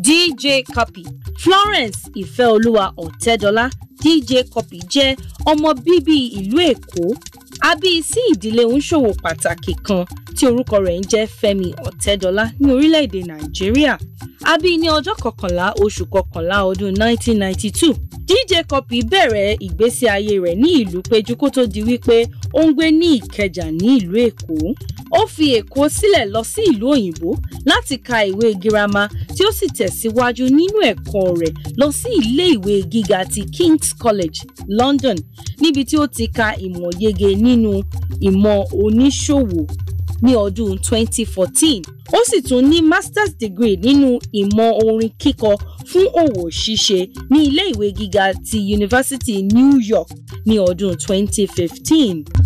dj cuppy florence ìfẹ́olúwa ọ̀tẹ́dọ́lá dj cuppy jẹ́ ọmọ bíbí ìlú èkó abí sí ìdílé oníṣòwò pàtàkì kan tí orúkọ rẹ̀ ń jẹ́ fẹ́mi ọ̀tẹ́dọ́lá ní orílẹ̀-èdè nàìjíríà abí ní ọjọ́ kọkànlá oṣù kọkànlá ọdún 1992 DJ Cuppy bẹ̀rẹ̀ ìgbésí ayé rẹ̀ ní ìlú Péjú kó tó di wípé ó ń gbé ní Ìkẹjà ní ìlú Èkó. Ó fi Èkó sílẹ̀ lọ sí ìlú òyìnbó láti ka ìwé girama tí ó sì tẹ̀síwájú nínú ẹ̀kọ́ rẹ̀ lọ sí ilé ìwé gíga ti King's College London níbi tí ó ti ka ìmọ̀ yege nínú ìmọ̀ oníṣòwò ní ọdún 2014 ó sì tún ní masters degree nínú ìmọ̀ orin kíkọ fún òwò ṣíṣe ní ilé ìwé gíga ti University New York ní ọdún 2015.